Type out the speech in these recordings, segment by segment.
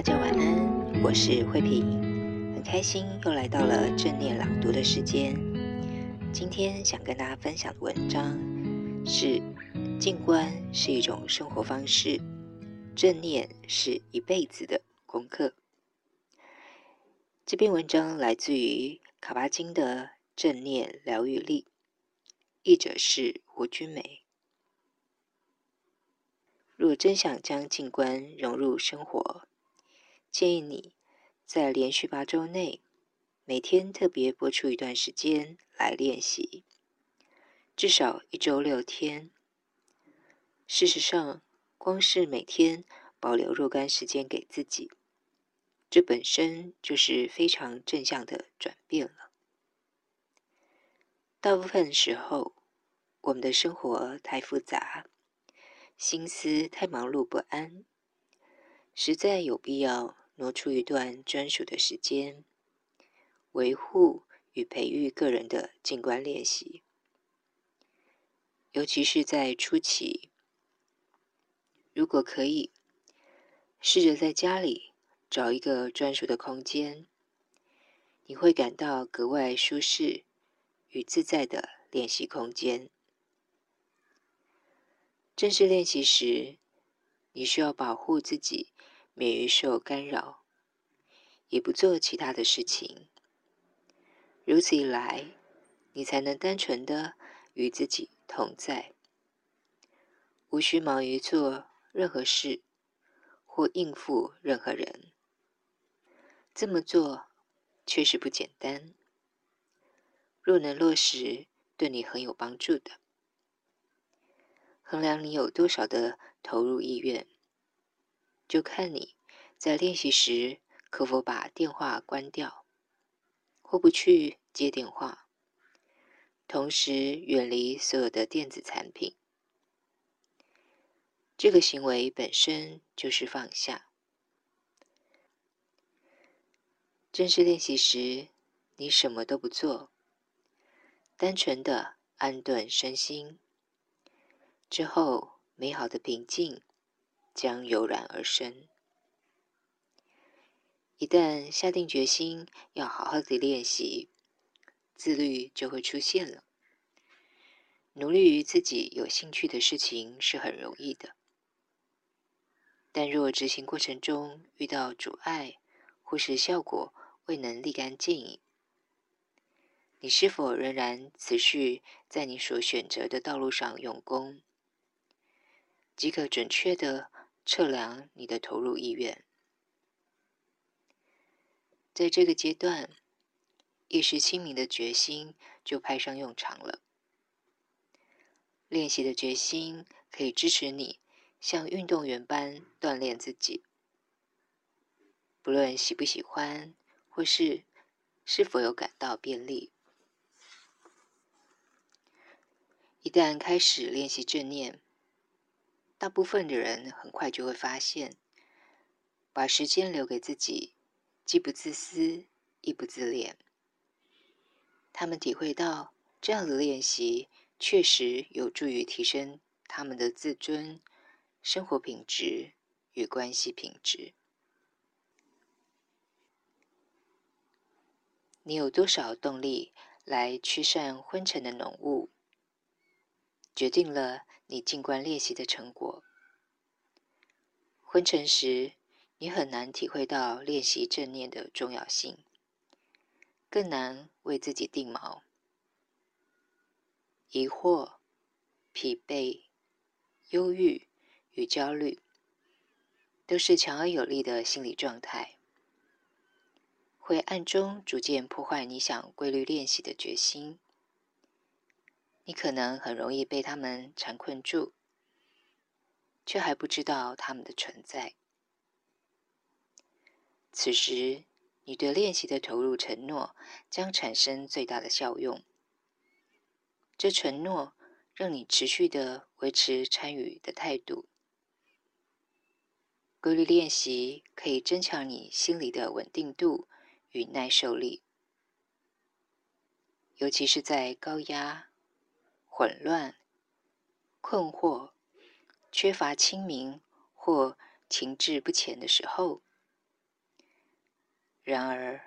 大家晚安，我是慧萍，很開心又來到了正念朗讀的時間。今天想跟大家分享的文章是《靜觀是一種生活方式》，正念是一輩子的功課。這篇文章來自於卡巴金的《正念療癒力》，譯者是胡君梅。若真想將靜觀融入生活，建議你在連續八周內，每天特別撥出一段時間來練習，至少一周六天。事實上，光是每天保留若干時間給自己，這本身就是非常正向的轉變了。大部分時候，我們的生活太複雜，心思太忙碌不安，實在有必要。挪出一段專屬的時間，維護與培育個人的靜觀練習。尤其是在初期，如果可以，試着在家裡找一個專屬的空間，你會感到格外舒適與自在的練習空間。正式練習時，你需要保護自己。免於受干擾，也不做其他的事情。如此一來，你才能單純地與自己同在，無需忙於做任何事或應付任何人。這麼做確實不簡單。若能落實，對你很有幫助的。衡量你有多少的投入意願。就看你在練習時可否把電話關掉，或不去接電話，同時遠離所有的電子產品。這個行為本身就是放下。正式練習時，你什麼都不做，單純的安頓身心，之後美好的平靜將油然而生。一旦下定決心，要好好的練習，自律就會出現了。努力於自己有興趣的事情是很容易的，但若執行過程中遇到阻礙，或是效果未能立竿見影，你是否仍然持續在你所選擇的道路上用功？即可準確的。測量你的投入意願。在這個階段，意識清明的決心就派上用場了。練習的決心可以支持你像運動員般鍛鍊自己，不論喜不喜歡或是是否有感到便利。一旦開始練習正念。大部分的人很快就會發現，把時間留給自己，既不自私，亦不自戀。他們體會到，這樣的練習確實有助於提升他們的自尊、生活品質與關係品質。你有多少動力來驅散昏沉的濃霧，決定了你靜觀練習的成果。昏沉時，你很難體會到練習正念的重要性，更難為自己定錨。疑惑、疲憊、憂鬱與焦慮，都是強而有力的心理狀態，會暗中逐漸破壞你想規律練習的決心。你可能很容易被他們纏困住，卻還不知道他們的存在。此時，你對練習的投入承諾將產生最大的效用。這承諾讓你持續的維持參與的態度。規律練習可以增強你心理的穩定度與耐受力，尤其是在高壓混亂、困惑、缺乏清明或情志不前的時候，然而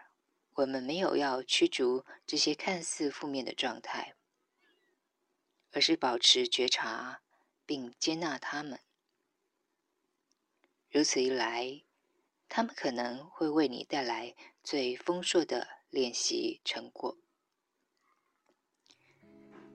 我們沒有要驅逐這些看似負面的狀態，而是保持覺察並接納他們。如此一來，他們可能會為你帶來最豐碩的練習成果。